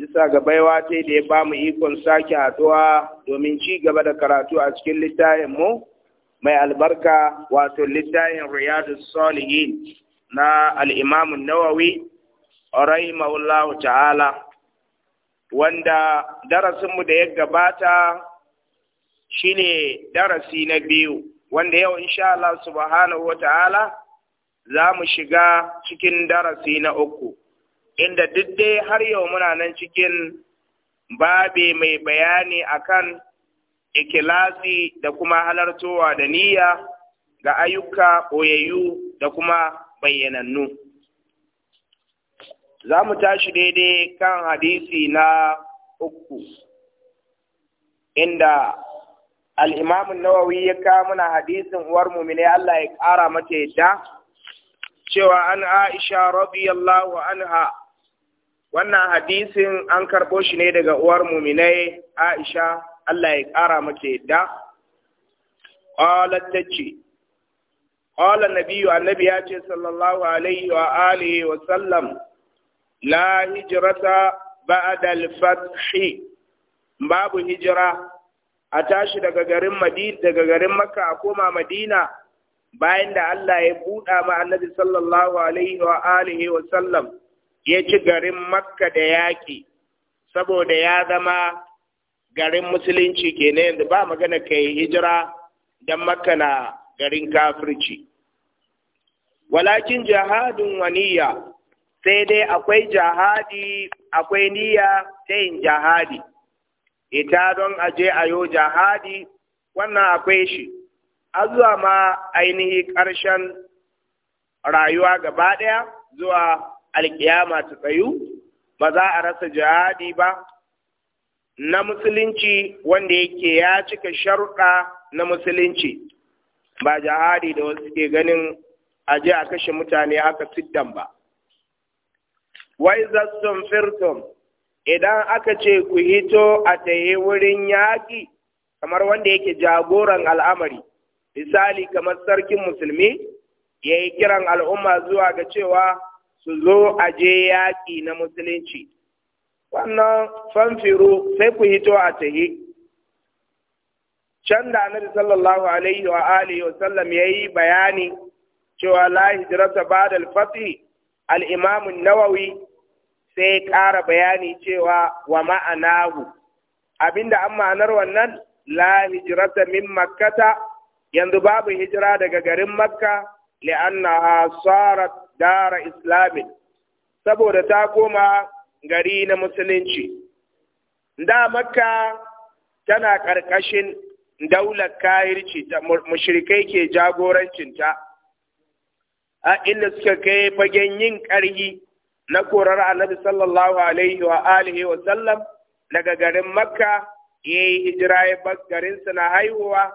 bisa ga baiwa ta da ya bamu ikon sake haɗuwa domin ci gaba da karatu a cikin littafin mu mai albarka wato littafin riyadu salihin na al'imamu nawawi rahimahullahu ta'ala wanda darasinmu da ya gabata shine darasi na biyu wanda yau insha Allah subhanahu wa ta'ala za mu shiga cikin darasi na uku inda duk dai har yau muna nan cikin babe mai bayani akan ikilasi da kuma halartowa da niyya ga ayyuka ɓoyayyu da kuma bayyanannu. Za mu tashi daidai kan hadisi na uku, inda al'imamun nawawi ya kamuna hadisin uwar mumine Allah ya ƙara mata yadda, cewa an Aisha rabi radiyallahu anha wannan hadisin an karɓo shi ne daga uwar muminai aisha Allah ya ƙara mata yadda qalat tace qala nabiyyu annabi ya ce sallallahu alaihi wa alihi wa sallam la hijrata ba'da al-fath babu hijira a tashi daga garin madina daga garin makka a koma madina bayan da Allah ya buɗa ma annabi sallallahu alaihi wa alihi wa sallam ya ci garin makka da yaƙi saboda ya zama garin musulunci kenan yanzu ba magana ka hijira don makka na garin kafirci walakin jihadin waniya sai dai akwai jihadi akwai niyya ta yin jihadi ita don aje a jihadi wannan akwai shi a zuwa ma ainihi ƙarshen rayuwa gaba ɗaya zuwa alkiyama ta tsayu ba za a rasa jihadi ba na musulunci wanda yake ya cika sharuɗa na musulunci ba jihadi da wasu ke ganin a je a kashe mutane haka siddan ba wai Zaston firtum idan aka ce ku hito a taye wurin yaƙi kamar wanda yake jagoran al'amari misali kamar sarkin musulmi ya yi kiran al'umma zuwa ga cewa su zo a je yaƙi na musulunci wannan fanfiro sai ku hito a tahi can da annabi sallallahu alaihi wa alihi wa sallam ya yi bayani cewa la hijrata ba al-fath al nawawi sai ƙara bayani cewa wa ma'anahu abinda an ma'anar wannan la hijrata min makkata yanzu babu hijira daga garin makka li'annaha sara dara islamin saboda ta koma gari na musulunci da makka tana ƙarƙashin daular kayirci da mushrikai ke jagorancinta a inda suka kai fagen yin ƙarhi na korar annabi sallallahu alaihi wa alihi wa sallam daga garin makka ya yi hijira ya garinsa na haihuwa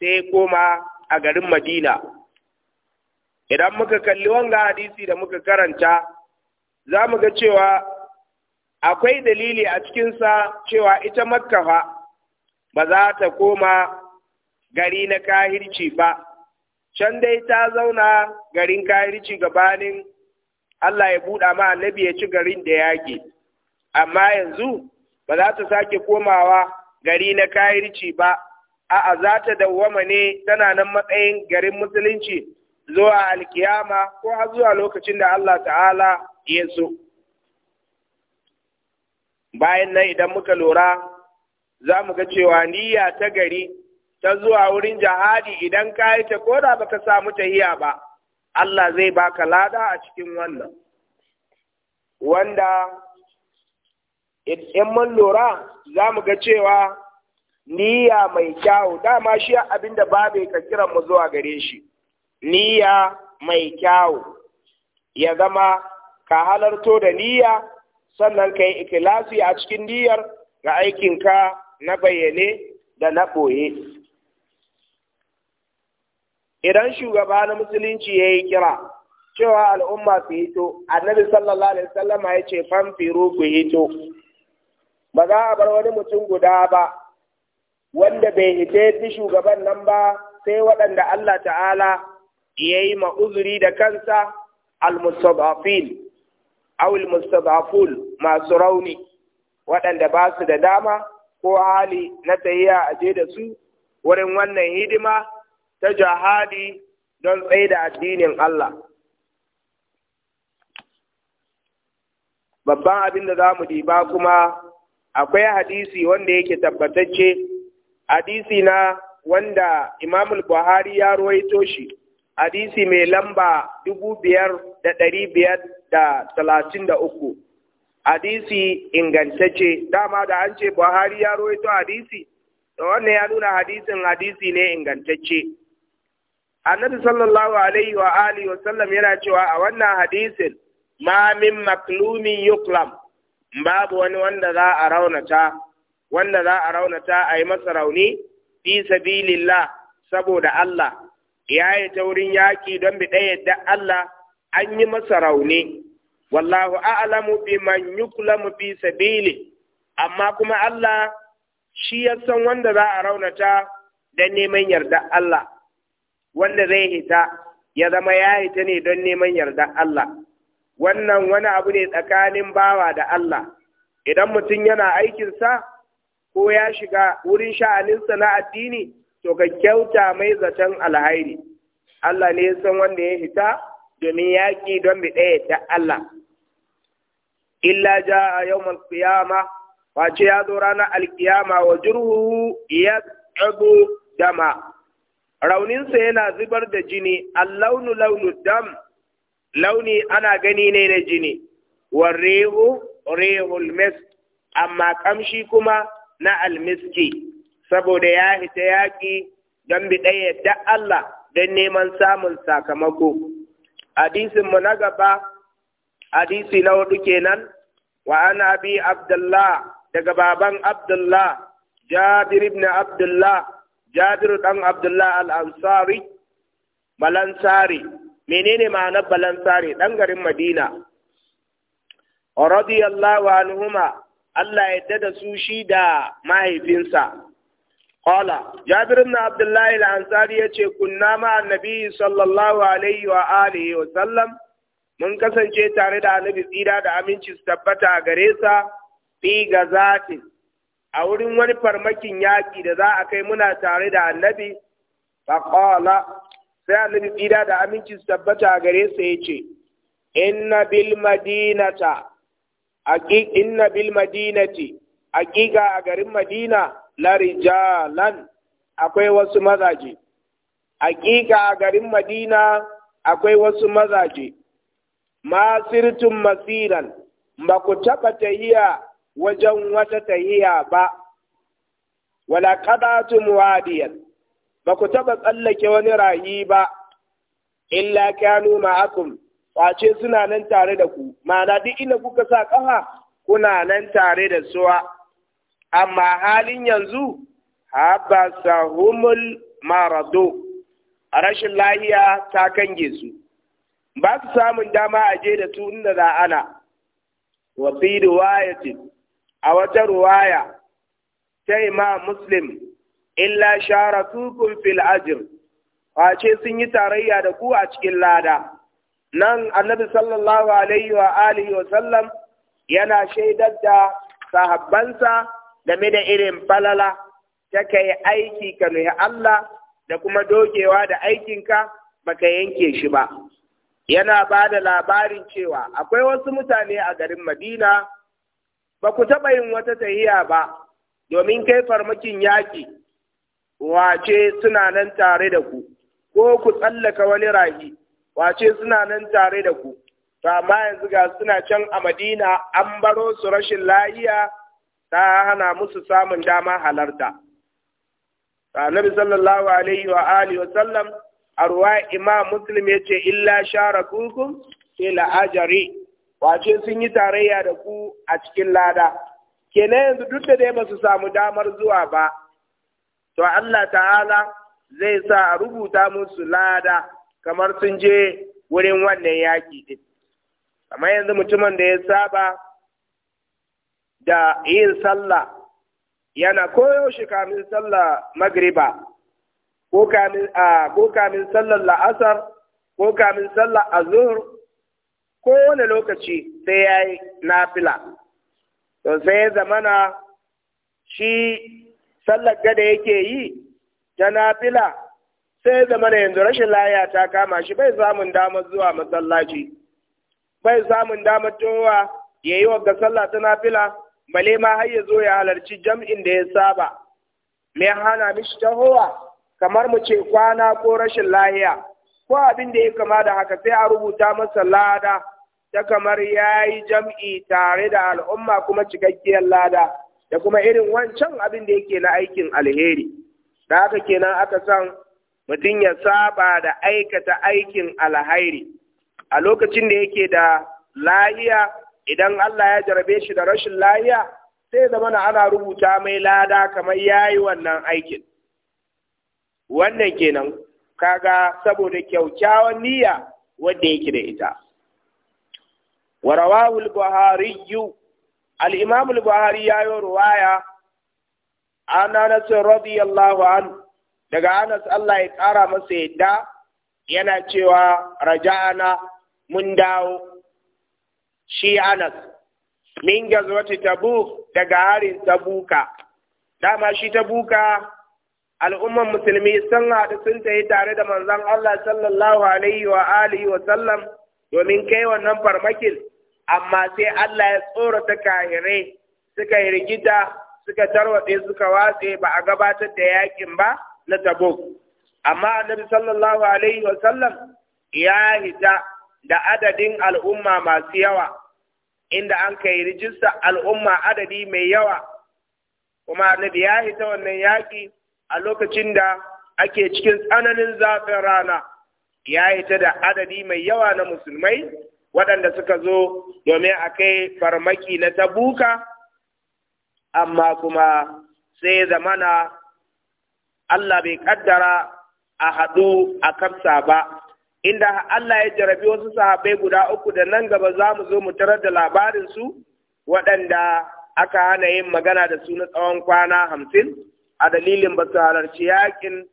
sai koma a garin madina idan muka kalli wanga hadisi da muka karanta za mu ga cewa akwai dalili a cikinsa cewa ita makkafa fa ba za ta koma gari na kahirci ba can dai ta zauna garin kahirci gabanin Allah ya buɗa ma annabi ya ci garin da yaƙi amma yanzu ba za ta sake komawa gari na kahirci ba a'a za ta dawwama ne tana nan matsayin garin musulunci zuwa alkiyama ko har zuwa lokacin da Allah ta'ala ya so. Bayan nan idan muka lura za mu ga cewa niyya ta gari ta zuwa wurin jihadi idan ka yi ta koda ba baka samu ta iya ba, Allah zai baka lada a cikin wannan. Wanda in mun lura za mu ga cewa niyya mai kyawu dama shi abin da babu ka kiran mu zuwa gare shi. niyya mai kyawu ya zama ka halarto da niyya sannan ka yi ikilasi a cikin niyyar ga aikinka na bayyane da na ɓoye. Idan shugaba na musulunci ya yi kira cewa al'umma su hito, annabi sallallahu alaihi wasallama ya ce famfiro ku hito, ba za a bar wani mutum guda ba, wanda bai hite shugaban nan ba sai waɗanda Allah ta'ala ya yi ma'uzuri da kansa al mustabafil aw masu rauni waɗanda ba su da dama ko hali na tsayiya a je da su wurin wannan hidima ta jihadi don tsaye da addinin Allah babban abin da za mu diba kuma akwai hadisi wanda yake tabbatacce hadisi na wanda imamul buhari ya ruwaito shi hadisi mai lamba dubu biyar da ɗari biyar da talatin da uku hadisi ingantacce dama da an ce buhari ya rawaito hadisi da wannan ya nuna hadisin hadisi ne ingantacce annabi sallallahu alaihi wa alihi wa sallam yana cewa a wannan hadisin ma min maklumin yuklam babu wani wanda za a raunata wanda za a raunata a yi masa rauni fi sabilillah saboda Allah ya yi ta wurin yaƙi don bi ɗaya da Allah an yi masa rauni wallahu a'lamu bi man yuklamu fi sabili amma kuma Allah shi ya san wanda za a raunata da neman yarda Allah wanda zai hita ya zama ya hita ne don neman yarda Allah wannan wani abu ne tsakanin bawa da Allah idan mutum yana aikinsa ko ya shiga wurin sha'aninsa na addini to ka kyauta mai zaton alhairi Allah ne ya san wanda ya fita domin yaƙi don bi ɗaya ta Allah illa ja a yawmal qiyama face ya zo ranar alkiyama wa jirhu ya tsago dama rauninsa yana zubar da jini allaunu launu dam launi ana gani ne da jini rehu rehul amma kamshi kuma na almiski saboda ya ita yaƙi don bi ɗaya da Allah don neman samun sakamako. Hadisin mu na gaba, hadisi na hudu kenan, wa ana bi Abdullah daga baban Abdullah, Jabir ibn Abdullah, Jabir ɗan Abdullah al-Ansari, Balansari, menene ma'anar Balansari ɗan garin Madina. radiyallahu anhuma Allah ya da su shi da mahaifinsa Kola, Jabirin na Abdullahi al'ansari ya ce, Kunna ma annabi sallallahu Alaihi wa Alihi wa sallam, mun kasance tare da annabi tsira da aminci su tabbata a gare sa, fi ga gazatin, a wurin wani farmakin yaƙi da za a kai muna tare da Ba faƙola, sai annabi tsira da aminci su tabbata a gare sa ya ce, Inna bil madinata, inna bil madinati, a garin Madina, larijalan akwai wasu mazaje hakika a garin madina akwai wasu mazaje masirtun masiran ba ku taɓa tahiya wajen wata tahiya ba wala qadatum wadiyan ba ku taɓa tsallake wani rayi ba illa kanu ma'akum kwace suna nan tare da ku ma'ana duk inda kuka sa ƙafa kuna nan tare da suwa amma halin yanzu humul marado rashin lahiya ta kange su ba su samun dama a je da su inda za ana wa fi riwayatin a wata ruwaya ta imam muslim illa sharatukum fil ajr ce sun yi tarayya da ku a cikin lada nan annabi sallallahu alaihi wa alihi wa sallam yana shaidar da sahabbansa game da irin falala ta kai aiki ka nuhi Allah da kuma dogewa da aikinka baka yanke shi ba. Yana ba da labarin cewa akwai wasu mutane a garin Madina ba ku taɓa yin wata tahiya ba domin kai farmakin yaƙi wace suna nan tare da ku ko ku tsallaka wani rahi wace suna nan tare da ku. Ta amma yanzu ga suna can a Madina an baro su rashin lahiya ta hana musu samun dama halarta annabi sallallahu alaihi wa alihi wa sallam arwa imam muslim yace illa sharakukum fil ajri wace sun yi tarayya da ku a cikin lada kenan yanzu duk da dai ba samu damar zuwa ba to Allah ta'ala zai sa a rubuta musu lada kamar sun je wurin wannan yaƙi din kamar yanzu mutumin da ya saba da yin sallah yana koyaushe kamin sallah magriba ko kamin a ko kamin sallar la'asar ko kamin lokaci sai ya yi nafila to sai ya zamana shi sallar gada yake yi ta nafila sai ya zamana yanzu rashin laya ta kama shi bai samun damar zuwa masallaci bai samun damar towa ya yi wa sallah ta nafila bale ma har ya zo ya halarci jam'in da ya saba me hana mishi tahowa kamar mu ce kwana ko rashin lahiya ko abin da ya kama da haka sai a rubuta masa lada ta kamar ya yi jam'i tare da al'umma kuma cikakkiyar lada da kuma irin wancan abin da yake na aikin alheri da haka kenan aka san mutum ya saba da aikata aikin alhairi a lokacin da yake da lahiya idan Allah ya jarabe shi da rashin lahiya sai zama na ana rubuta mai lada kamar ya yi wannan aikin wannan kenan kaga saboda kyaukyawan niyya wanda yake da ita wa rawahu al-buhari al-imam al-buhari yi ruwaya an Anas radiyallahu an daga Anas Allah ya kara masa yadda yana cewa raja'ana mun dawo shi Anas min gazwati Tabuk daga harin Tabuka dama shi Tabuka al'umman musulmi sun haɗu sun ta yi tare da manzon Allah sallallahu alaihi wa alihi wa sallam domin kai wannan farmakin amma sai Allah ya tsorata kahire suka yi rigita suka tarwaɗe suka watse ba a gabatar da yakin ba na Tabuk amma annabi sallallahu alaihi wa sallam ya hita da adadin al'umma masu yawa inda an kai rijista al'umma adadi mai yawa kuma annabi ya hita wannan yaƙi a lokacin da ake cikin tsananin zafin rana ya hita da adadi mai yawa na musulmai waɗanda suka zo domin a kai farmaki na tabuka amma kuma sai zamana Allah bai ƙaddara a haɗu a kafsa ba inda Allah ya jarabi wasu sahabbai guda uku da nan gaba za mu zo mu tarar da labarin su waɗanda aka hana yin magana da su na tsawon kwana hamsin a dalilin ba su halarci yaƙin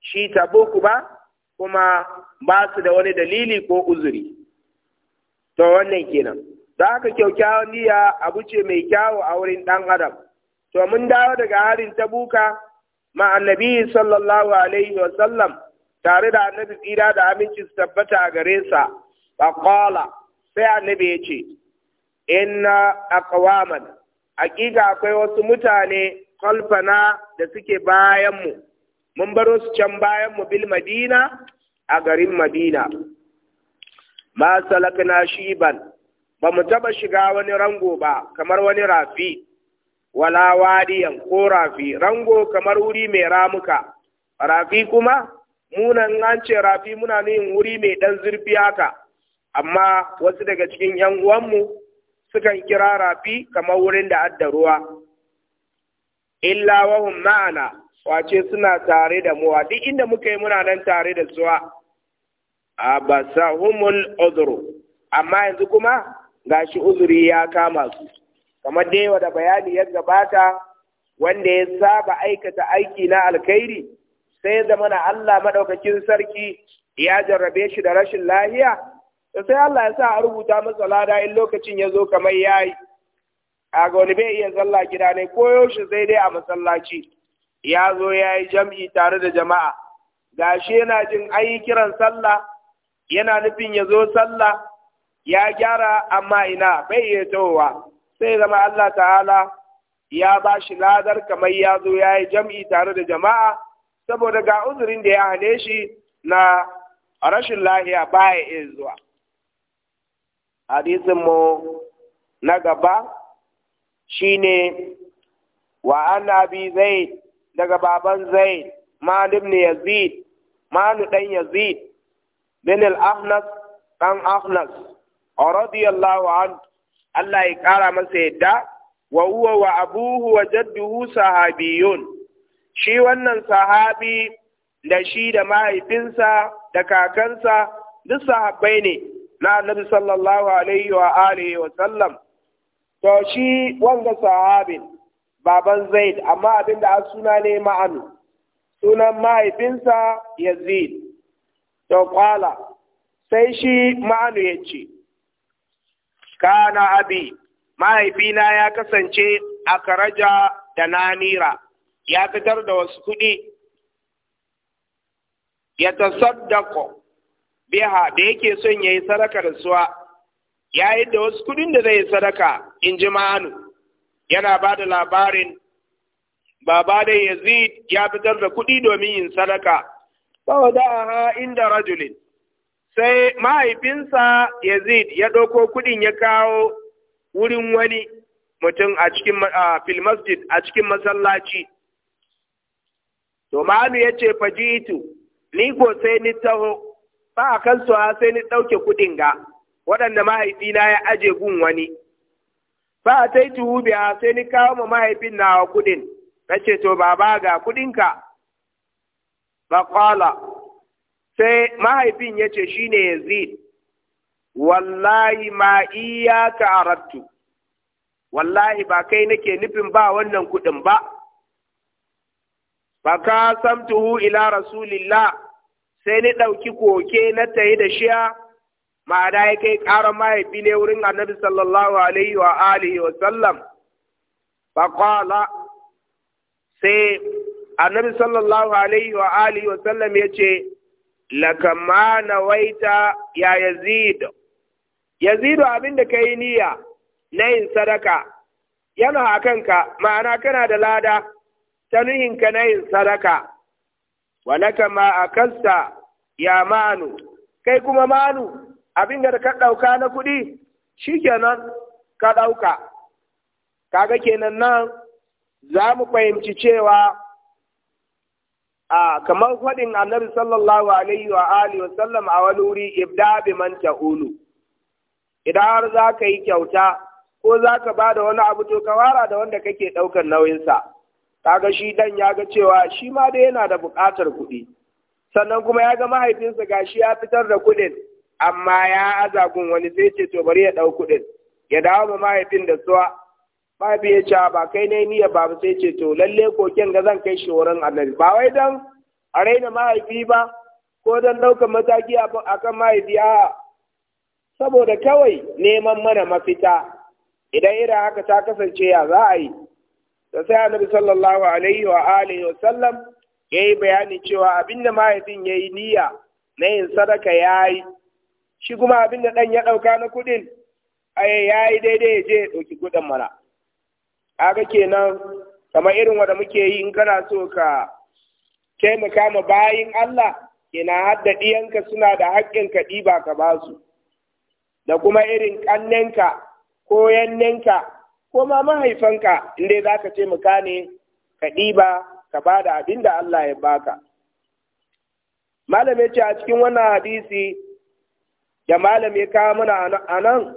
shi boku ba kuma ba su da wani dalili ko uzuri to wannan kenan za ka kyaukyawan niyya abu ce mai kyawu a wurin ɗan adam to mun dawo daga harin ta buka annabi sallallahu alaihi wa sallam tare da annabi tsira da aminci su tabbata a gare sa faqala sai annabi ya ce inna aqwaman hakika akwai wasu mutane kalfana da suke bayanmu mun baro su can bayanmu bil madina a garin madina ma salakna shiban ba mu taba shiga wani rango ba kamar wani rafi wala wadiyan ko rafi rango kamar wuri mai ramuka rafi kuma munan an ce rafi muna yin wuri mai ɗan zurfi haka amma wasu daga cikin ‘yan uwanmu sukan kira rafi kamar wurin da adda ruwa illa wahum ma'ana wace suna tare da muwa duk inda muka yi muna nan tare da suwa a humul uzuru amma yanzu kuma gashi uzuri ya kama su kamar da yawa da bayani ya gabata wanda ya saba aikata aiki na alkhairi sai da mana Allah maɗaukakin sarki ya jarrabe shi da rashin lahiya sai Allah ya sa a rubuta masa lada in lokacin ya zo kamar yi. a ga wani bai iya zalla gida ne ko yaushe sai dai a masallaci ya zo ya yi jam'i tare da jama'a gashi yana jin ayi kiran sallah yana nufin ya zo sallah ya gyara amma ina bai iya tawowa sai zama Allah ta'ala ya ba shi ladar kamar ya zo ya yi jam'i tare da jama'a saboda ga uzurin da ya hane shi na rashin lahiya baya iya zuwa hadisin mu na gaba shi ne, wa annabi zai daga baban zaid mal ya yazid malu ɗan yazid bin al-ahnas ɗan ahnas radiyallahu an! Allah ya ƙara masa yadda wa uwa, wa abuhu wa jadduhu sahabiyun shi wannan sahabi da shi da mahaifinsa da kakansa duk sahabbai ne na annabi sallallahu alaihi wa alihi wa sallam to shi wanga sahabin baban zaid amma abin da suna ne ma'anu sunan mahaifinsa yazid to kwala sai shi ma'anu ya ce kana abi mahaifina ya kasance a karaja da nanira ya fitar da wasu kuɗi ya tasaddaqo biha da yake son ya yi sadaka da suwa yi da wasu kuɗin da zai sadaka in ji ma'anu yana ba da labarin baba da yazid ya fitar da kuɗi domin yin sadaka saboda aha inda rajulin sai mahaifinsa yazid ya ɗauko kuɗin ya kawo wurin wani mutum a cikin fil a cikin masallaci to ma'anu ya ce fajitu ni ko sai ni taho ba a kan sai ni ɗauke kuɗin ga waɗanda mahaifina ya aje gun wani ba a ta tuhu sai ni kawo ma mahaifin nawa kuɗin na ce to baba ga kuɗinka maƙwala sai mahaifin ya ce shi ne yazid wallahi ma ka arattu wallahi ba kai nake nufin ba wannan kuɗin ba fa tuhu ila rasulillah sai ni ɗauki koke na tayi da shiya ma'ana ya kai ƙarar mahaifi ne wurin annabi sallallahu alaihi wa alihi wa sallam faƙala sai annabi sallallahu alaihi wa alihi wa sallam ya ce lakama na waita ya yazid yazid abin da ka yi niyya na yin sadaka yana a kanka ma'ana kana da lada ta nuhinka na yin sadaka, walaka ma a ya manu, kai kuma manu abin da ka ɗauka na kuɗi shi kenan ka ɗauka. Kaga kenan nan za mu fahimci cewa a kamar faɗin annabi sallallahu alaihi wa alihi wa sallam a wani wuri ibda bi man ta'ulu idan har za ka yi kyauta ko za ka ba da wani abu to ka wara da wanda kake ɗaukar nauyinsa kaga shi dan ya ga cewa shi ma dai yana da buƙatar kuɗi sannan kuma ya ga mahaifinsa gashi ya fitar da kuɗin amma ya gun wani sai ce to bari ya ɗau kuɗin ya dawo ma mahaifin da suwa mahaifin ya ce ba kai ne niyya ba sai ce to lalle koken ga zan kai shi wurin annabi ba wai dan a raina mahaifi ba ko dan ɗaukar mataki akan mahaifi a saboda kawai neman mana mafita idan irin haka ta kasance ya za a yi da sai annabi sallallahu alaihi wa alihi wa sallam yayi bayani cewa abinda mahaifin yayi niyya na yin sadaka yayi shi kuma abinda dan ya dauka na kudin ay yayi daidai ya je dauki kudin mana kaga kenan kamar irin wanda muke yi in kana so ka taimaka ma bayin Allah ina hadda diyanka suna da haƙƙin ka diba ka basu da kuma irin kannenka ko yannenka ko ma mahaifanka inda za ka taimaka ne ka ɗiba ka ba da abin da Allah ya baka. Malam ya ce a cikin wannan hadisi da malam ya kawo mana a nan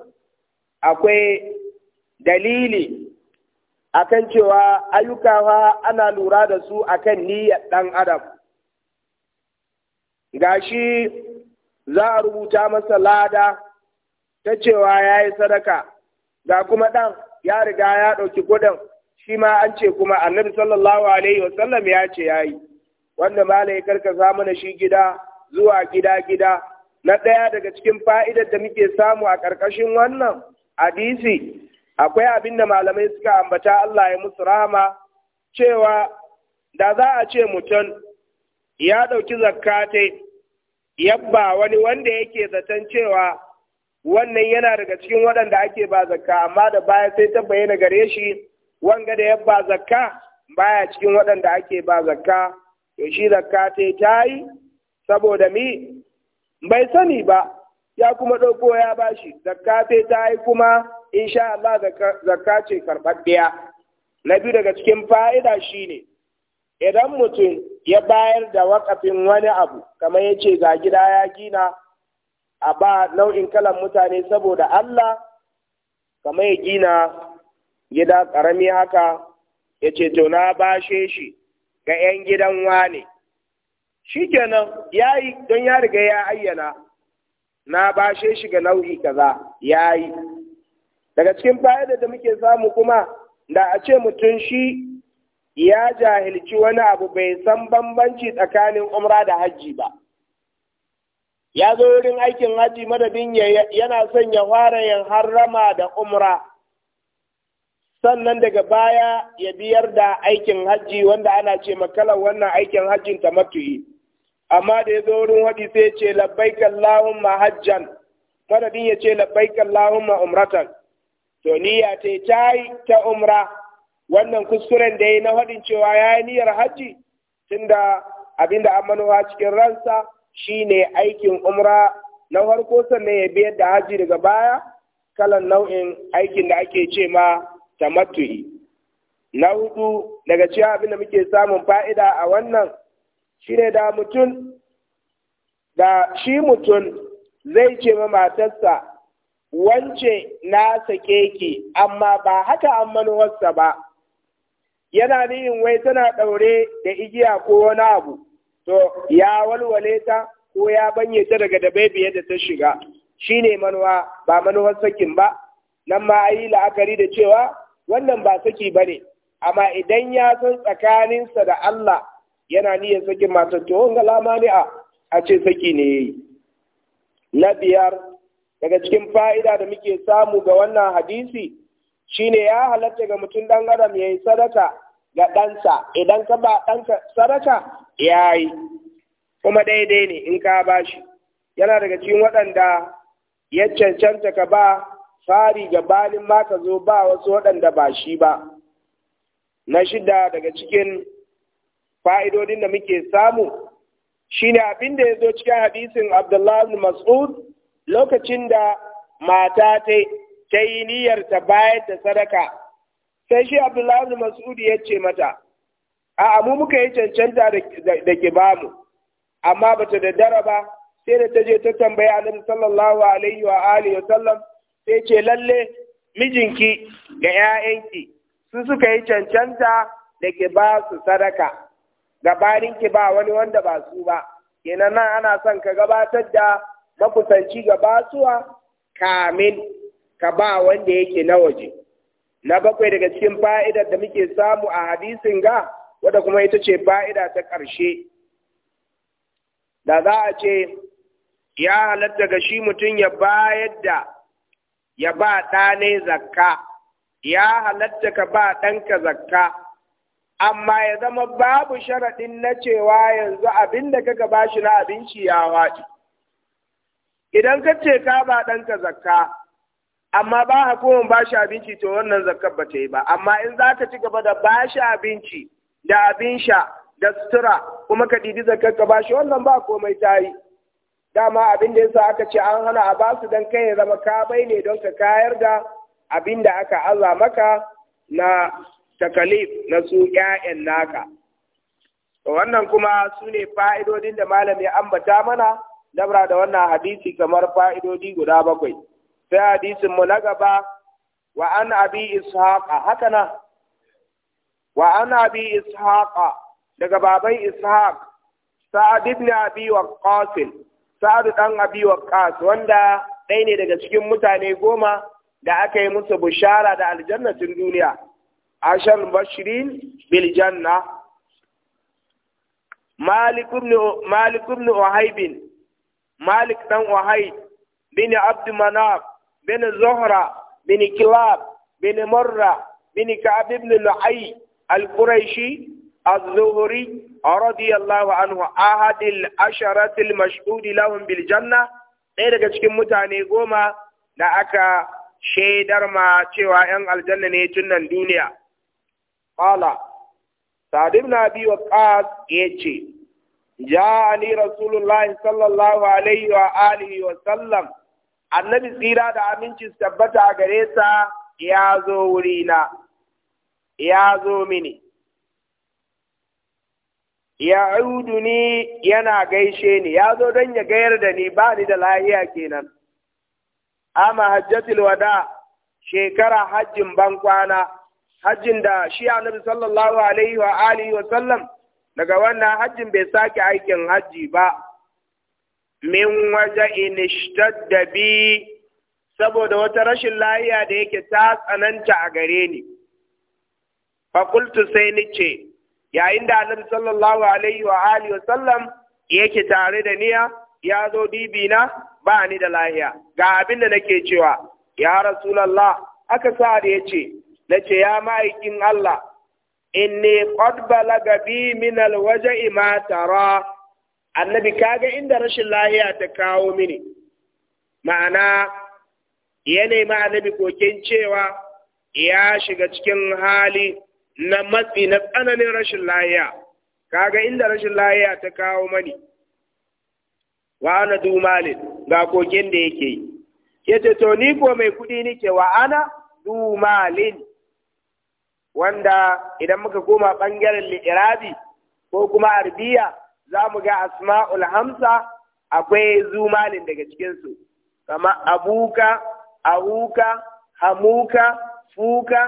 akwai dalili A kan cewa ayyukawa ana lura da su akan niyyar ɗan adam. Gashi za a rubuta masa lada ta cewa ya yi sadaka ga kuma ɗan ya riga ya ɗauki gudan shi ma an ce kuma annabi sallallahu alaihi wasallam ya ce ya yi wanda mala ya karkasa mana shi gida zuwa gida gida na ɗaya daga cikin fa'idar da muke samu a ƙarƙashin wannan hadisi akwai abin da malamai suka ambata Allah ya musu rahama cewa da za a ce mutum ya ɗauki zakkatai yabba wani wanda yake zaton cewa wannan yana daga cikin waɗanda ake ba zakka amma da baya sai ta bayyana gare shi wanga da ya ba zakka baya cikin waɗanda ake ba zakka to shi zakka ta ta yi saboda mi bai sani ba ya kuma ɗauko ya bashi zakka ta ta yi kuma insha Allah zakka ce karɓaɗɗiya na biyu daga cikin fa'ida shine idan mutum ya bayar da wakafin wani abu kamar ya ce ga gida ya gina a ba nau'in kalan mutane saboda Allah kamar ya gina gida ƙarami haka ya ce to na bashe shi ga 'yan gidan wane shi nan, ya yi don ya riga ya ayyana na bashe shi ga nau'i kaza ya yi daga cikin fa'ida da muke samu kuma da a ce mutum shi ya jahilci wani abu bai san bambanci tsakanin umra da hajji ba ya zo wurin aikin haji madadin yana son ya fara yin harrama da umra sannan daga baya ya biyar da aikin haji wanda ana ce makala wannan aikin hajjin ta tamattu'i amma da ya zo wurin haji sai ya ce labbaik Allahumma hajjan madadin ya ce labbaik Allahumma umratan to niyya ta ta yi ta umra wannan kuskuren da ya yi na haɗin cewa ya yi niyyar haji tunda abinda an manowa cikin ransa shine aikin umra na farko sannan ya biyar da haji daga baya kalan nau'in aikin da ake ce ma tamattu'i na hudu daga cewa abin da muke samun fa'ida a wannan shine da mutum da shi mutum zai ce ma matarsa wance na sake ki amma ba haka an manuwarsa ba yana nihin wai tana ɗaure da igiya ko wani abu to ya walwale ta ko ya banye ta daga da da ta shiga shine manuwa ba manuwar sakin ba nan ma ayi la'akari da cewa wannan ba saki ba ne, amma idan ya san tsakaninsa da Allah yana niyyar sakin masu to ga lamani'a a ce saki ne yayi na biyar daga cikin fa'ida da muke samu ga wannan hadisi shi ne ya halatta ga mutum ɗan adam yi sadaka ga ɗansa idan ka ba ɗanka sadaka ya yi kuma daidai ne in ka ba shi yana daga cikin waɗanda ya cancanta ka ba fari gabanin ma ka zo ba wasu waɗanda ba shi ba na shida daga cikin fa'idodin da muke samu Shi ne abin da ya zo cikin hadisin abdullahi mas'ud lokacin da mata ta yi niyyar ta bayar da sadaka sai shi abdullahi ibn mas'ud ya ce mata a mu muka yi cancanta da ki mu amma bata da ba, sai da ta je ta tambaya annabi sallallahu alaihi wa alihi wa sallam sai ce lalle mijinki ga 'ya'yanki su suka yi cancanta da ki ba su sadaka gabanin ki ba wani wanda ba su ba kenan nan ana son ka gabatar da makusanci ga basuwa kamin ka ba wanda yake na waje na bakwai daga cikin fa'idar da muke samu a hadisin ga wadda kuma ita ce fa'ida ta ƙarshe da za a ce ya halatta ga shi mutum ya bayar da ya ba ɗane zakka ya halatta ka ba ɗanka zakka amma ya zama babu sharaɗin na cewa yanzu abin da kaka ba shi na abinci ya waɗi idan ka ce ka ba ɗanka zakka amma ba a ba bashi abinci to wannan zakar ba ta yi ba amma in za ka ci gaba da bashi abinci da abin sha da sutura kuma ka didi zakar ka bashi wannan ba komai ta yi dama abin da yasa aka ce an hana a ba su don kai ya zama ka bai ne don ka kayar da abin da aka Allah maka na takalif na su ƴaƴan naka wannan kuma su ne fa'idodin da malam ya ambata mana dabra da wannan hadisi kamar fa'idodi guda bakwai sai hadisin mu na gaba wa an abi ishaqa haka na wa an abi ishaqa daga baban ishaq sa'ad ibn abi waqqas sa'ad dan abi waqqas wanda ɗaya ne daga cikin mutane goma da aka yi musu bushara da aljannatin duniya ashar bashirin bil janna malik ibn uhaybin malik dan uhayd bin abd manaf بن زهرة بن كلاب بن مرة بن كعب بن لعي القريشي الزهري رضي الله عنه أحد العشرة المشهود لهم بالجنة ɗaya daga cikin mutane goma da aka shaidar ma cewa ‘yan aljanna ne tun nan duniya. Ƙala, Sadib na biyu ƙas ya ce, Ja ni Rasulullahi sallallahu alaihi wa sallam, annabi tsira da aminci su tabbata a gare sa ya zo wurina ya zo mini ya ni yana gaishe ni ya zo don ya gayar da ni ba ni da lahiya kenan ama hajjatul wada shekara hajjin ban kwana hajjin da shi annabi sallallahu alaihi wa alihi wa sallam daga wannan hajjin bai sake aikin hajji ba min waje da bi saboda wata rashin lahiya da yake ta tsananta a gare ni fakultu sai ni ce yayin da annabi sallallahu alaihi wa alihi sallam yake tare da niya ya zo bibi na ba ni da lahiya ga abin da nake cewa ya rasulullah aka sa da yace nace ya ma'aikin Allah inni qad balaga bi min alwaja'i ma tara annabi kaga inda rashin lahiya ta kawo mini ma'ana ya ma annabi kokin cewa ya shiga cikin hali na matsi na tsananin rashin lahiya kaga inda rashin lahiya ta kawo mani wa ana dumalin ga kokin da yake yi yace to ni ko mai kudi nike wa ana dumalin wanda idan muka koma bangaren li'irabi ko kuma arbiya za mu ga asma'ul hamsa akwai zumalin daga cikinsu kama abuka awuka hamuka fuka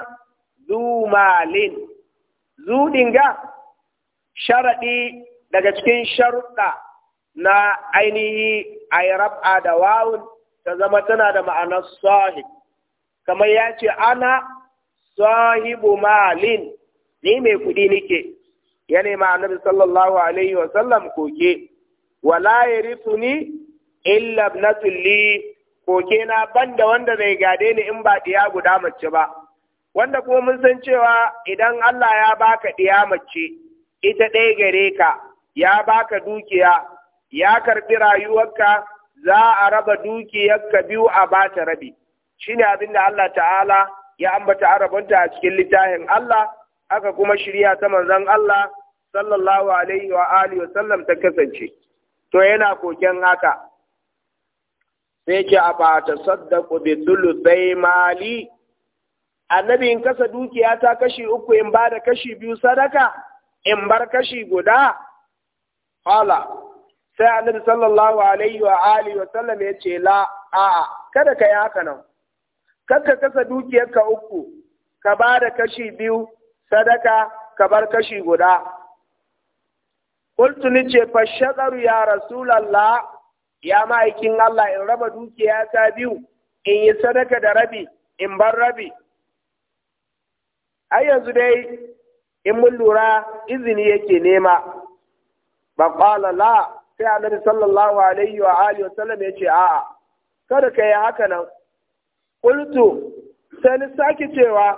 zumalin zuɗin ga sharaɗi daga cikin sharuɗa na ainihi a yi da wawun ta zama tana da ma'anar sahib kamar ya ce ana sahibu malin ni mai kuɗi nike ya nema annabi sallallahu alaihi wa sallam koke wala ni? illa ibnatu li koke na banda wanda zai gade ni in ba diya guda mace ba wanda kuma mun san cewa idan Allah ya baka diya mace ita ɗaya gare ka ya baka dukiya ya karbi rayuwarka za a raba dukiyarka biyu a ba ta rabi shine abin da Allah ta'ala ya ambata arabunta a cikin littafin Allah aka kuma shirya ta manzon Allah sallallahu alaihi wa alihi wa sallam ta kasance to yana koken haka sai ce a ba ta saddaku bi thuluthai mali annabi in kasa dukiya ta kashi uku in ba da kashi biyu sadaka in bar kashi guda hala sai annabi sallallahu alaihi wa alihi wa sallam ya ce la a'a kada ka yi haka nan kakka kasa dukiyarka uku ka ba da kashi biyu sadaka ka bar kashi guda Kultu ni ce fashadaru ya Rasulallah ya ma'aikin Allah in raba dukiya ta biyu in yi sadaka da rabi in bar rabi. Ai yanzu dai in mun lura izini yake nema. Ba ƙwala la sai annabi sallallahu alaihi wa alihi ya ce a'a kada ka yi haka nan. Kultu sai ni cewa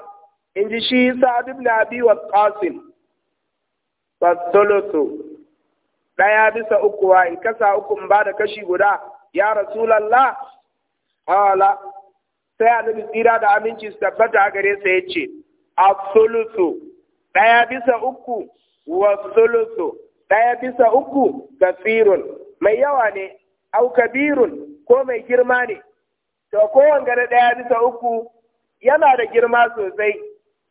in ji shi Sa'ad ibn Abi wa Qasim. Fasolatu ɗaya bisa uku wa in kasa uku in ba da kashi guda ya rasulallah hala sai annabi tsira da aminci su tabbata gare sa yace absolutu ɗaya bisa uku wa sulusu ɗaya bisa uku kasirun mai yawa ne au kabirun ko mai girma ne to kowanne ɗaya bisa uku yana da girma sosai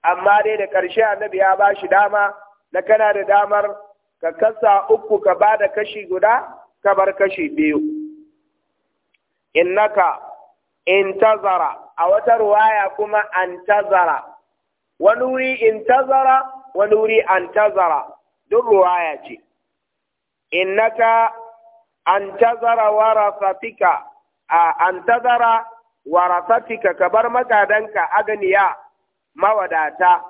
amma dai da ƙarshe annabi ya ba shi dama na kana da damar ka kasa uku ka ba da kashi guda ka bar kashi biyu innaka intazara a wata ruwaya kuma antazara wani wuri intazara wani wuri antazara duk ruwaya ce innaka antazara warasatika antazara warasatika ka bar magadanka aganiya mawadata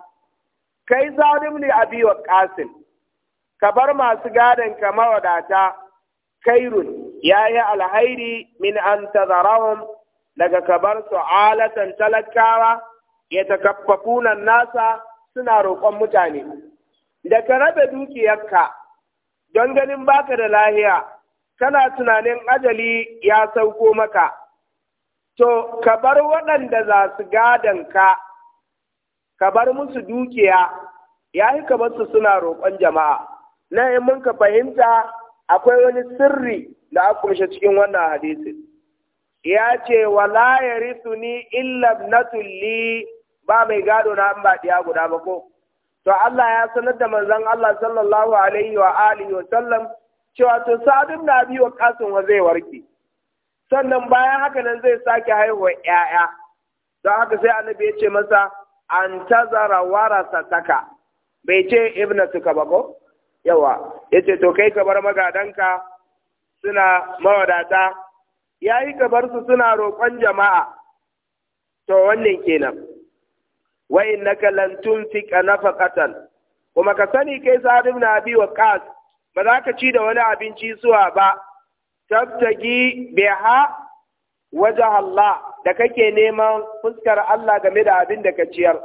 kai zalim ne biyu wa ƙasin. ka bar masu gadon ka mawadata kairun ya yi alhairi min an tazarahum daga kabar bar su alatan talakawa ya takaffafuna nasa suna roƙon mutane da ka rabe dukiyarka don ganin baka da lahiya kana tunanin ajali ya sauko maka to ka bar waɗanda za su gadon ka ka bar musu dukiya ya yi kamar su suna roƙon jama'a na in mun fahimta akwai wani sirri da aka kumshe cikin wannan hadisi ya ce wala ya ni na tulli ba mai gado na an ɗiya guda ba ko to Allah ya sanar da manzon Allah sallallahu alaihi wa alihi wa sallam cewa to sabin na biyu kasin wa zai warke sannan bayan haka nan zai sake haihuwa ƴaƴa don haka sai annabi ya ce masa an tazara warasa taka bai ce ibnatuka ba ko yawa yace to kai ka bar magadanka suna mawadata yayi ka bar su suna roƙon jama'a to wannan kenan wa innaka lan tunfiqa nafaqatan kuma ka sani kai Sa'ad ibn Abi Waqqas ba za ka ci da wani abinci suwa ba tabtagi biha wajah Allah da kake neman fuskar Allah game da abin da ka ciyar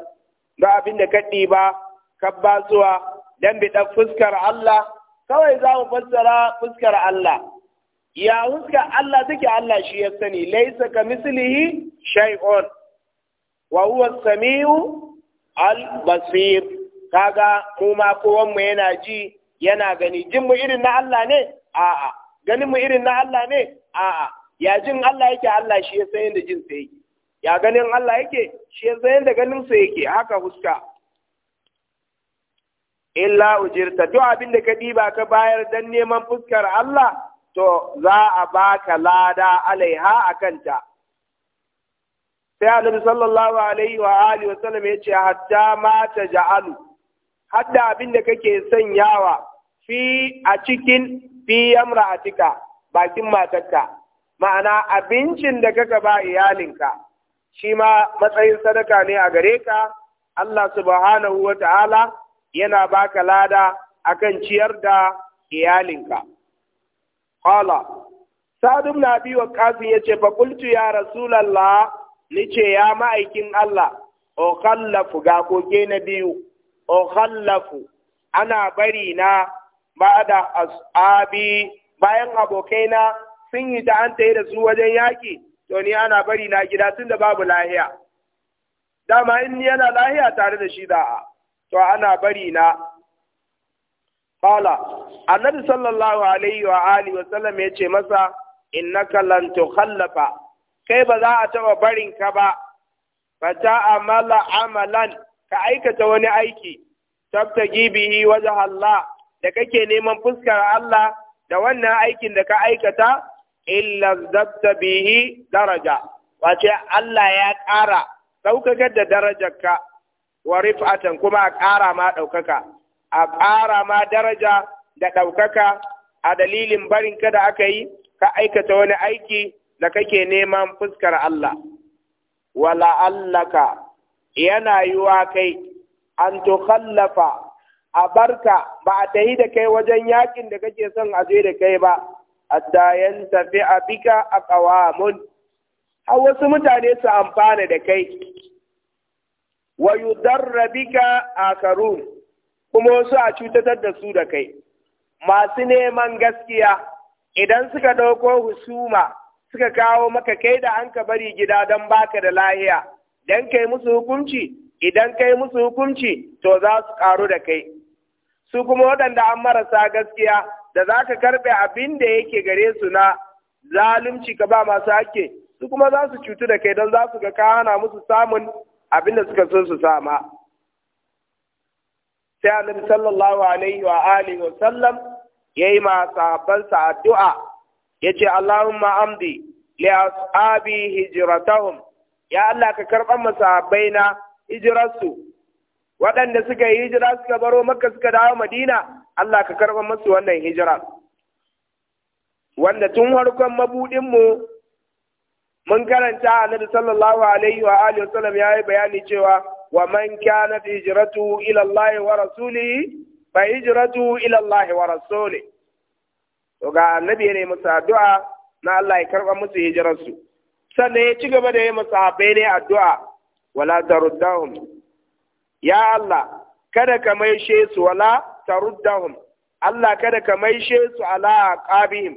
ba abin da ka ɗiba ka ba zuwa. dan bi fuskar Allah kawai za mu fassara fuskar Allah ya fuskar Allah take Allah shi ya sani laisa ka mislihi shay'un wa huwa samiu al basir kaga kuma kowan mu yana ji yana gani jin mu irin na Allah ne a'a ganin mu irin na Allah ne a'a ya jin Allah yake Allah shi ya san yadda jin sa yake ya ganin Allah yake shi ya san yadda ganin sa yake haka fuska illa ujirta to abin da ka ɗiba ka bayar dan neman fuskar Allah to za a baka lada alaiha a kanta sai annabi sallallahu alaihi wa alihi wasallam ya ce hatta ma ta ja'alu hadda abin da kake sanyawa fi a cikin fi yamra'atika bakin matarka ma'ana abincin da kaka ba iyalinka shi ma matsayin sadaka ne a gare ka Allah subhanahu wa ta'ala yana baka lada akan ciyar da iyalinka qala na biyu wa waqqas yace fa qultu ya rasulullah ce ya ma'aikin Allah o khallafu ga koke na biyu o khallafu ana bari na ba'da asabi bayan abokaina sun yi ta an tayi da su wajen yaƙi, to ni ana bari na gida tun da babu lahiya dama in yana lahiya tare da shi da'a to ana bari na qala annabi sallallahu alaihi wa alihi wa sallam yace masa innaka lan tukhallafa kai ba za a taba barin ka ba fata amala amalan ka aikata wani aiki tabtagi bihi wajha Allah da kake neman fuskar Allah da wannan aikin da ka aikata illa zabta bihi daraja wace Allah ya ƙara ɗaukakar da darajar ka wa rif'atan kuma a ƙara ma ɗaukaka a ƙara ma daraja da ɗaukaka a dalilin barin ka da aka yi ka aikata wani aiki da kake neman fuskar Allah wala allaka yana yiwa kai an tukhallafa a barka ba a tahi da kai wajen yakin da kake son a je da kai ba hatta yantafi abika aqwamun har wasu mutane su amfana da kai wa yudarra bika karun. kuma wasu a cutatar da su da kai masu neman gaskiya idan suka ɗauko husuma suka kawo maka kai da an ka bari gida don baka da lahiya don kai musu hukunci idan kai musu hukunci to za su ƙaru da kai su kuma waɗanda an marasa gaskiya da za ka karɓe abin da yake gare su na zalunci ka ba masu hake su kuma za su cutu da kai don za su ga ka hana musu samun abinda suka so su sama sai annabi sallallahu alaihi wa alihi wa sallam yayi ma sahabbansa addu'a yace Allahumma amdi li ashabi hijratahum ya Allah ka karban masahabaina hijirarsu. waɗanda suka yi hijira suka baro maka suka dawo madina Allah ka karban masu wannan hijira wanda tun harkon mabudin mu mun karanta annabi sallallahu alaihi wa alihi wasallam yi bayani cewa wa man kana hijratu ila Allah wa rasulihi fa hijratu ila Allah wa rasuli to ga annabi ne musa addu'a na Allah ya karba musu hijran su sannan ya ci gaba da yi musu ne addu'a wala taruddahum ya Allah kada ka maishe su wala taruddahum Allah kada ka maishe su ala aqabihim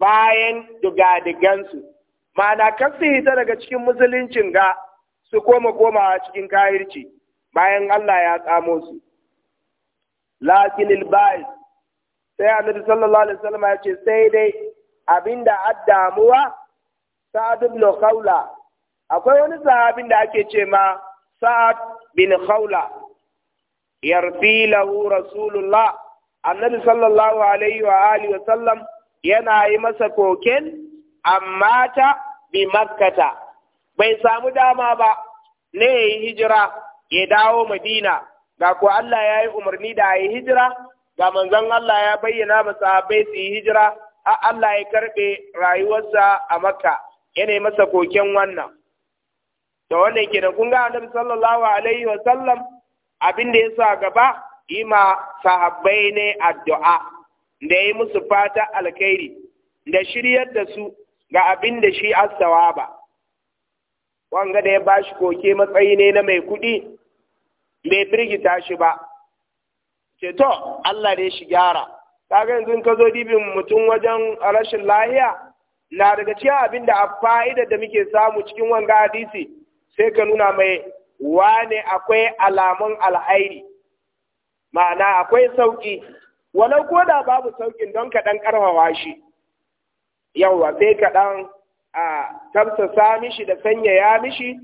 bayan su ma'ana kan su hita daga cikin musuluncin ga su koma koma a cikin kayirci bayan Allah ya tsamo su lakin ilba'is sai annabi sallallahu alaihi wasallam ya ce sai dai abinda damuwa, sa'ad bin khawla akwai wani sahabin da ake ce ma sa'ad bin khawla yarfi lahu rasulullah annabi sallallahu alaihi wa wa sallam yana yi masa koken amma ta bi makkata bai samu dama ba ne ya yi hijira ya dawo madina ga ko Allah ya yi umarni da ya hijira ga manzon Allah ya bayyana ba sahabbai su yi hijira a Allah ya karɓe rayuwarsa a makka yana masa koken wannan da wannan kenan kun ga annabi sallallahu alaihi wa sallam abin da ya sa gaba ima sahabbai ne addu'a da yi musu fata alkhairi da shiryar da su ga abin da shi asawa ba wanga da ya shi koke matsayi ne na mai kuɗi bai firgita shi ba ce to Allah dai shi gyara kaga yanzu ka zo dibin mutum wajen rashin lahiya na daga cewa abin da a fa'ida da muke samu cikin wanga hadisi sai ka nuna mai Wa ne akwai alamun alhairi ma'ana akwai sauƙi. walau ko da babu sauƙin don ka ɗan ƙarfawa shi yawwa sai ka ɗan a tamsasa mishi da sanyaya mishi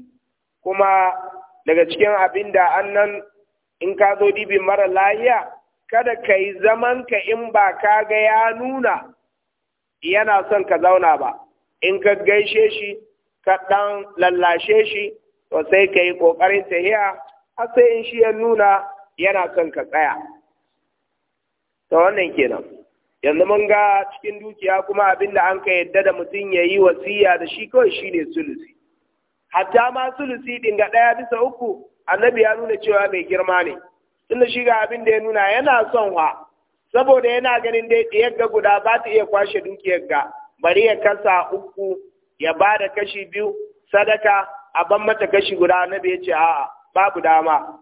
kuma daga cikin abin da annan in ka zo dibin mara lahiya kada ka yi ka in ba ka ga ya nuna yana son ka zauna ba in ka gaishe shi ka ɗan lallashe shi to sai ka yi ƙoƙarin ta har sai in shi ya nuna yana son ka tsaya ta wannan kenan. yanzu mun ga cikin dukiya kuma abin da an ka yadda da mutum ya yi wasiya da shi kawai shi ne sulusi hatta ma sulusi ɗin ga ɗaya bisa uku annabi ya nuna cewa mai girma ne tunda shi ga abin da ya nuna yana son wa saboda yana ganin dai ɗiyar ga guda ba ta iya kwashe dukiyar ga bari ya kasa uku ya ba da kashi biyu sadaka a ban mata kashi guda annabi ya ce a'a babu dama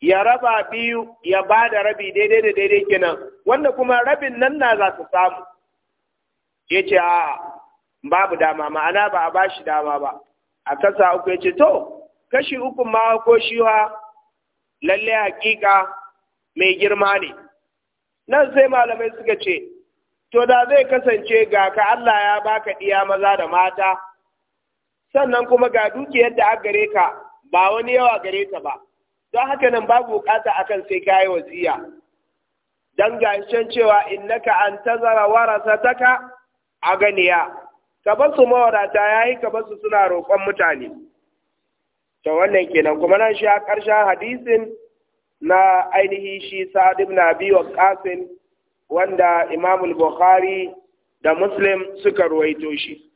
ya raba biyu ya ba da rabi daidai da daidai kenan wanda kuma rabin nan na za su samu ya ce a babu dama ma'ana ba a ba shi dama ba a kasa uku ya ce to kashi uku ma ko shiwa lalle hakika mai girma ne nan sai malamai suka ce to da zai kasance ga ka Allah ya baka ɗiya maza da mata sannan kuma ga dukiyar da aka gare ka ba wani yawa gare ta ba don haka nan babu bukata akan sai ka yi wasiya dan cewa cewa naka an tazara warasataka a ganiya ka ba su mawadata yayi ka ba su suna roƙon mutane ta wannan kenan kuma nan shi a ƙarshen hadisin na ainihi shi sa'ad na biyu waqas wanda imamul bukhari da muslim suka ruwaito shi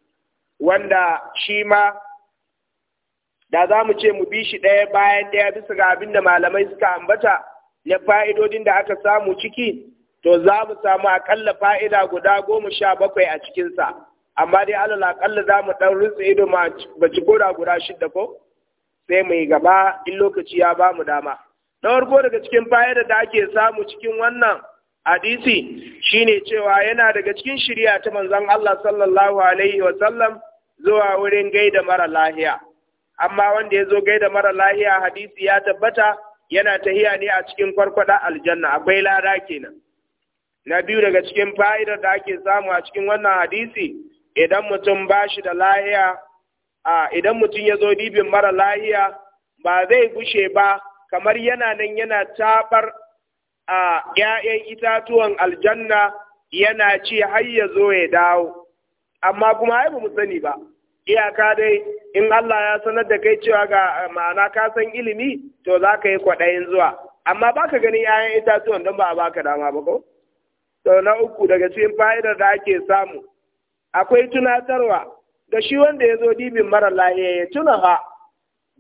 wanda shi ma da za mu ce mu bi shi ɗaya bayan ɗaya bisa ga abin da malamai suka ambata na fa'idodin da aka samu ciki to za mu samu aƙalla fa'ida guda goma sha bakwai a cikinsa amma dai alala aƙalla za mu ɗan rutsa ido ci gora guda shidda ko sai mu yi gaba in lokaci ya ba mu dama na farko daga cikin fa'ida da ake samu cikin wannan hadisi shine cewa yana daga cikin shirya ta manzon Allah sallallahu alaihi wa sallam zuwa wurin gaida mara lahiya amma wanda ya zo gaida mara lahiya hadisi ya tabbata yana tahiya ne a cikin kwarkwada aljanna akwai lada kenan na biyu daga cikin fa'idar da ake samu a cikin wannan hadisi idan mutum ba shi da lahiya a idan mutum ya zo dibin mara lahiya ba zai gushe ba kamar yana nan yana tabar a ‘ya'yan itatuwan aljanna yana ci har ya zo ya dawo amma kuma ai ba mu sani ba iyaka dai in Allah ya sanar da kai cewa ga eh, ma'ana ka san ilimi to za ka yi kwaɗayin zuwa amma ba ka ganin 'ya'yan itatuwan don ba a baka dama ba ko to na uku daga cikin fa'idar da ake samu akwai tunatarwa da shi wanda ya zo dibin mara lahiya ya tuna ha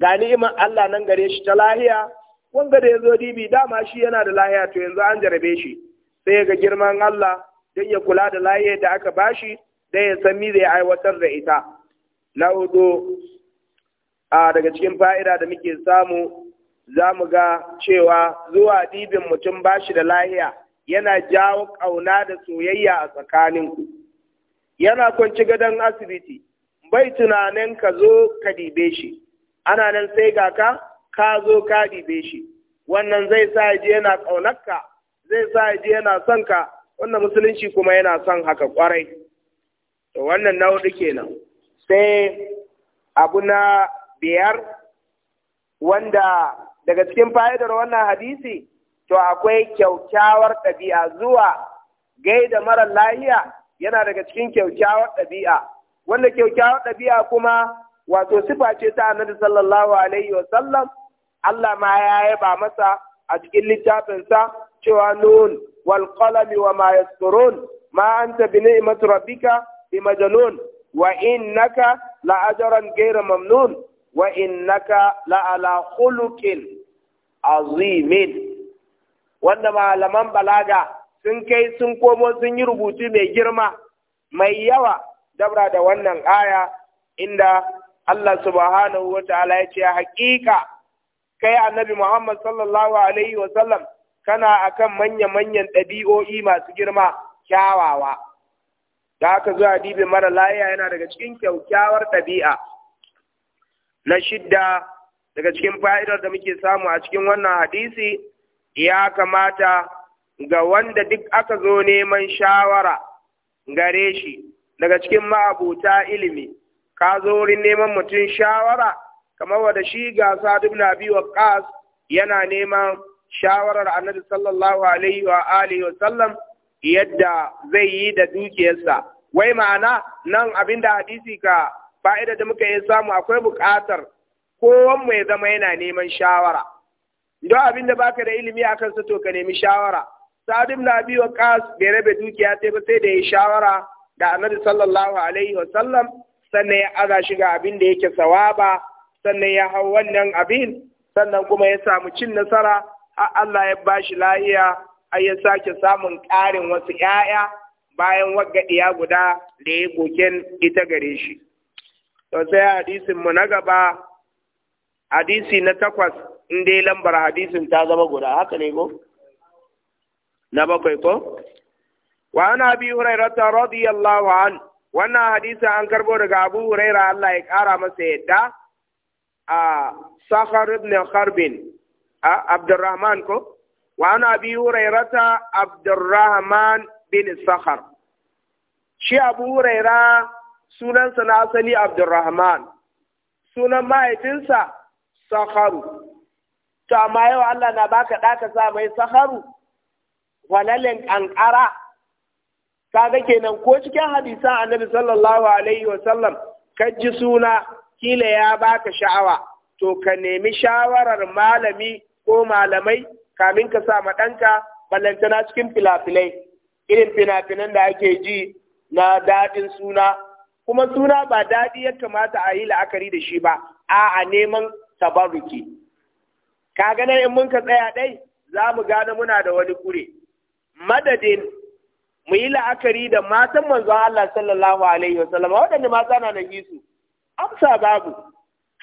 ga ni'imar Allah nan gare shi ta lahiya wanda da ya zo dibi dama shi yana da lahiya to yanzu an jarabe shi sai ga girman Allah don ya kula da lahiyar da aka bashi don ya san me zai aiwatar da ita na hudu a daga cikin fa'ida da muke samu za mu ga cewa zuwa dibin mutum ba shi da lahiya yana jawo ƙauna da soyayya a tsakaninku yana kwanci gadon asibiti bai tunanin ka zo ka dibe shi ana nan sai ga ka ka zo ka dibe shi wannan zai sa ji yana ƙaunarka zai sa ji yana son ka wannan musulunci kuma yana son haka ƙwarai wannan na hudu kenan sai abu na biyar wanda daga cikin fa'idar wannan hadisi to akwai kyaukyawar ɗabi'a zuwa gaida mara lahiya yana daga cikin kyaukyawar ɗabi'a wanda kyaukyawar ɗabi'a kuma wato sifa ce ta annabi sallallahu alaihi wa sallam Allah ma ya yaba masa a cikin littafinsa cewa nun wal qalami wa ma yasturun ma anta bi ni'mat rabbika bi majnun wa naka la ajran mamnun wa naka la ala khuluqin azimin wanda malaman balaga sun kai sun komo sun yi rubutu mai girma mai yawa dabra da wannan aya inda Allah subhanahu wa ta'ala ya ce haƙiƙa kai annabi Muhammad sallallahu alaihi wa sallam kana akan manya-manyan ɗabi'o'i masu girma kyawawa. da aka zuwa dibe mara layiya yana daga cikin kyaukyawar ɗabi'a na shidda daga cikin fa'idar da muke samu a cikin wannan hadisi ya kamata ga wanda duk aka zo neman shawara gare shi daga cikin ma'abuta ilimi ka zo wurin neman mutum shawara kamar wada shi ga Sa'd ibn Abi yana neman shawarar Annabi sallallahu alaihi wa alihi wa sallam yadda zai yi da dukiyarsa wai ma'ana nan abin da hadisi ka fa'ida da muka yi samu akwai buƙatar kowan mai zama yana neman shawara don abin da baka da ilimi a kansa to ka nemi shawara sadim na biyu kas bai rabe dukiya sai ba sai da ya yi shawara da annabi sallallahu alaihi wa sallam sannan ya aza shi ga abin da yake sawaba sannan ya hau wannan abin sannan kuma ya samu cin nasara Allah ya bashi lahiya a ya sake samun ƙarin wasu 'ya'ya bayan wagga guda da ya koken ita gare shi. To sai hadisin mu na gaba hadisi na takwas in dai lambar hadisin ta zama guda haka ne ko? Na bakwai ko? Wa ana bi Hurairata radiyallahu an wannan hadisi an karbo daga Abu Huraira Allah ya kara masa yadda a Sakhar ibn Kharbin a Abdurrahman ko? Wa ana bi Hurairata Abdurrahman bin Sakhar. Shi Abu Huraira sunansa na asali Abdurrahman, sunan mahaifinsa Sakharu. To, amma yau Allah na baka ɗaka sa mai Sakharu, walalin ƙanƙara. Kaga kenan ko cikin hadisan annabi sallallahu alaihi wasallam ka ji suna kila ya baka sha'awa, to ka nemi shawarar malami ko malamai kamin ka sa ma ɗanka ballantana cikin filafilai irin fina-finan da ake ji na daɗin suna kuma suna ba daɗi ya kamata a yi la'akari da shi ba a a neman tabarruki ka ganin in mun ka tsaya ɗai za mu gane muna da wani kure madadin mu yi la'akari da matan manzon Allah sallallahu alaihi wasallam waɗanda mata na nan amsa babu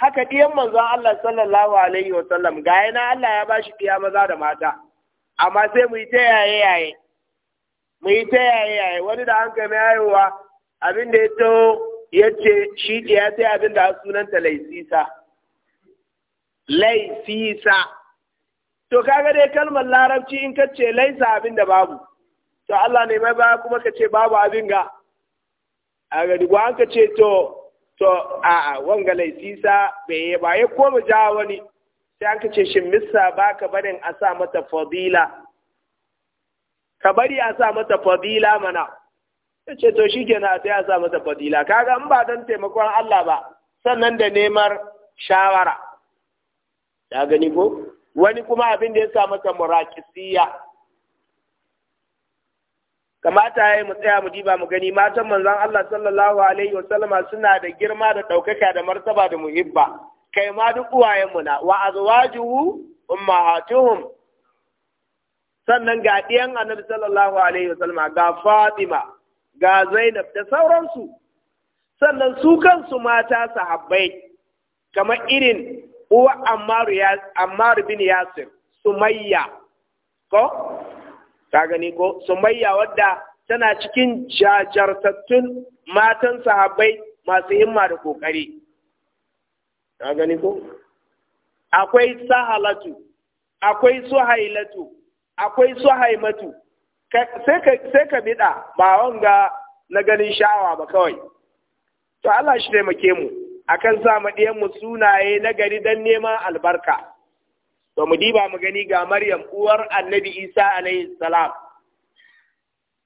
haka ɗiyan manzon Allah sallallahu alaihi wasallam ga yana Allah ya ba shi ɗiya maza da mata amma sai mu yi ta yaye yaye mu yi ta yaye yaye wani da an kai haihuwa abin da ya taho ya ce shi ɗiya sai abin da sunanta laifisa. Laifisa. to kaga dai kalmar larabci in ka ce laisa abin da babu to Allah ne mai baya kuma ka ce babu abin ga a ga duk an ka ce to to a a wanga laifisa bai yi ba ya koma ja wani sai an ka ce shin missa baka barin a sa mata fadila ka bari a sa mata fadila mana ya ce to shi kenan sai a sa mata fadila kaga in ba don taimakon Allah ba sannan da neman shawara ya gani ko wani kuma abin da ya sa mata murakisiya kamata ya yi mu tsaya mu diba mu gani matan manzon Allah sallallahu alaihi wa sallama suna da girma da ɗaukaka da martaba da muhibba kai ma duk uwayenmu na wa azwajuhu ummahatuhum sannan ga ɗiyan annabi sallallahu alaihi wasallam ga Fatima ga Zainab da sauransu sannan su kansu mata sahabbai kamar irin uwa Ammar ammaru bin Yasir Sumayya ko ka gani ko Sumayya wadda tana cikin jajartattun matan sahabbai masu himma da kokari ka gani ko akwai sahalatu akwai suhailatu akwai su haimatu sai ka biɗa ba wanga na ganin sha'awa ba kawai to Allah shi taimake mu akan sa mu mu sunaye na gari dan neman albarka to mu diba mu gani ga Maryam uwar Annabi Isa alaihi salam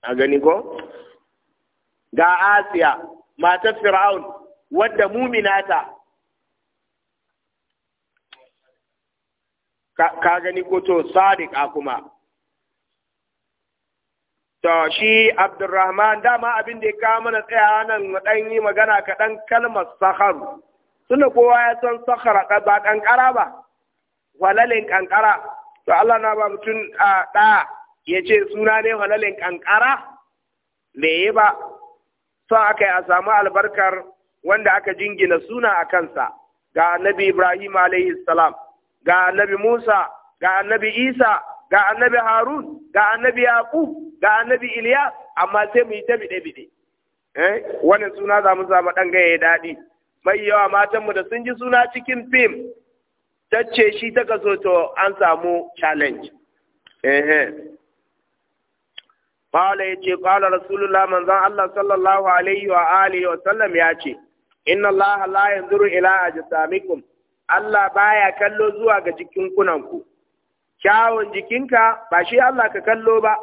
a gani ko ga Asiya matar Fir'aun wadda muminata ka gani ko to sadiqa kuma To shi Abdurrahman dama abin da ya kawo mana tsaya nan dan yi magana kaɗan kalmar sahar. Tunda kowa ya san sahara ba kankara ba, walalin kankara. To Allah na ba mutum a ɗa ya ce suna ne walalin ƙanƙara. Me yi ba, son aka yi a samu albarkar wanda aka jingina suna a kansa ga annabi Ibrahim alayhi salam, ga annabi Musa, ga annabi Isa, ga annabi harun ga annabi yaqub ga annabi iliya amma sai mu yi ta bide bide eh wannan suna za mu samu dan gaya daɗi mai yawa matanmu da sun ji suna cikin fim tacce shi ta kaso to an samu challenge eh Fala ya ce, Fala Rasulullah manzan Allah sallallahu Alaihi wa Alihi wa sallam ya ce, Inna Allah la yanzuru ila ajsamikum Allah baya kallo zuwa ga jikin kunanku kyawun jikinka ba shi Allah ka kallo ba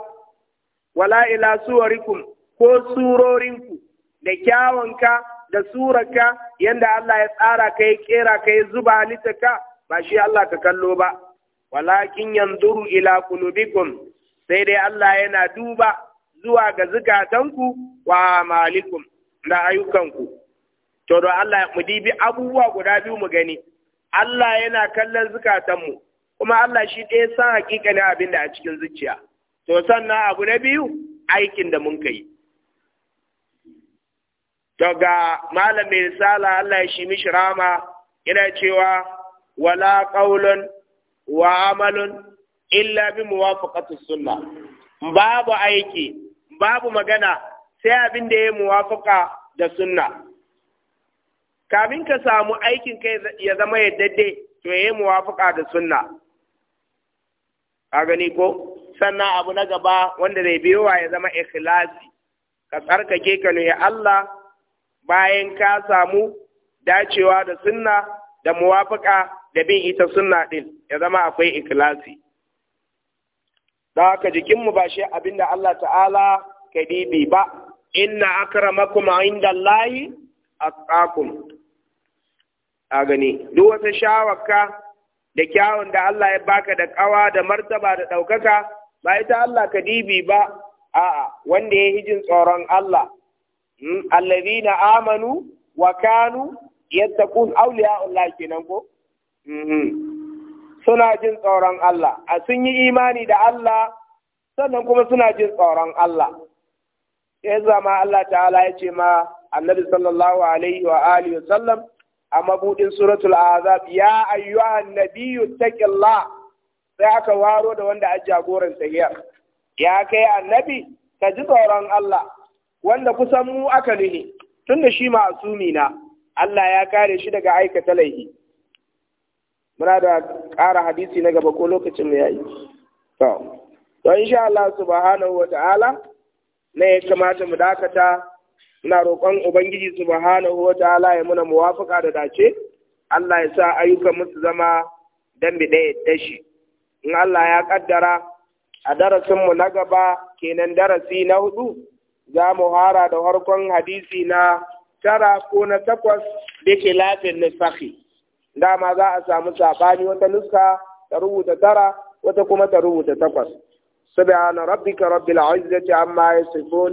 wala ila suwarikum ko surorinku da kyawunka da surarka yadda Allah ya tsara ka ya kera ka ya zuba ka ba shi Allah ka kallo ba walakin yanzuru ila qulubikum sai dai Allah yana duba zuwa ga zukatanku wa malikum da ayyukanku to don Allah mu dibi abubuwa guda biyu mu gani Allah yana kallon zukatanmu kuma Allah shi ɗaya san hakikanin abin da a cikin zuciya to sannan abu na biyu aikin da mun kai to ga malam mai risala Allah ya shi mishi rama yana cewa wala qaulun wa amalun illa bi muwafaqati sunna babu aiki babu magana sai abin da ya muwafaka da sunna kamin ka samu aikin kai ya zama yadda to ya yi muwafaka da sunna a gani ko sannan abu na gaba wanda zai biyowa ya zama ikhlasi ka tsarkake ka nuna Allah bayan ka samu dacewa da sunna da muwafaka da bin ita sunna din ya zama akwai ikhlasi da haka jikinmu ba shi abinda Allah ta'ala ka dibi ba inna akramakum indallahi layi a gani duk wata shawaka da kyawun da Allah ya baka da ƙawa da martaba da ɗaukaka ba ita Allah ka dibi ba a'a wanda ya hijin tsoron Allah hmm, allazina amanu wa kanu yattaqun awliya'ullah kenan ko hmm, hmm. suna jin tsoron Allah a sun yi imani da Allah sannan kuma suna jin tsoron Allah sai zama Allah ta'ala ya ce ma annabi sallallahu alaihi wa alihi wa sallam a mabudin suratul azab ya ayyuhan nabiyyu taqillah sai aka waro da wanda a jagoran sahiyar ya kai annabi ka ji tsoron Allah wanda kusan mu aka tun tunda shi ma'asumi na Allah ya kare shi daga aikata laifi muna da ƙara hadisi na gaba ko lokacin mu yayi to to insha Allah subhanahu wa ta'ala ne ya kamata mu dakata Ina roƙon Ubangiji subhanahu wa ta'ala ya muna muwafuka da dace, Allah ya sa ayyukan musu zama dambe bi ɗaya da shi. In Allah ya ƙaddara a darasinmu na gaba kenan darasi na hudu za mu hara da harkon hadisi na tara ko na takwas da ke lafin nufahi. Dama za a samu saɓani wata nuska ta rubuta tara wata kuma ta rubuta takwas. سبحان ربك رب العزة عما يصفون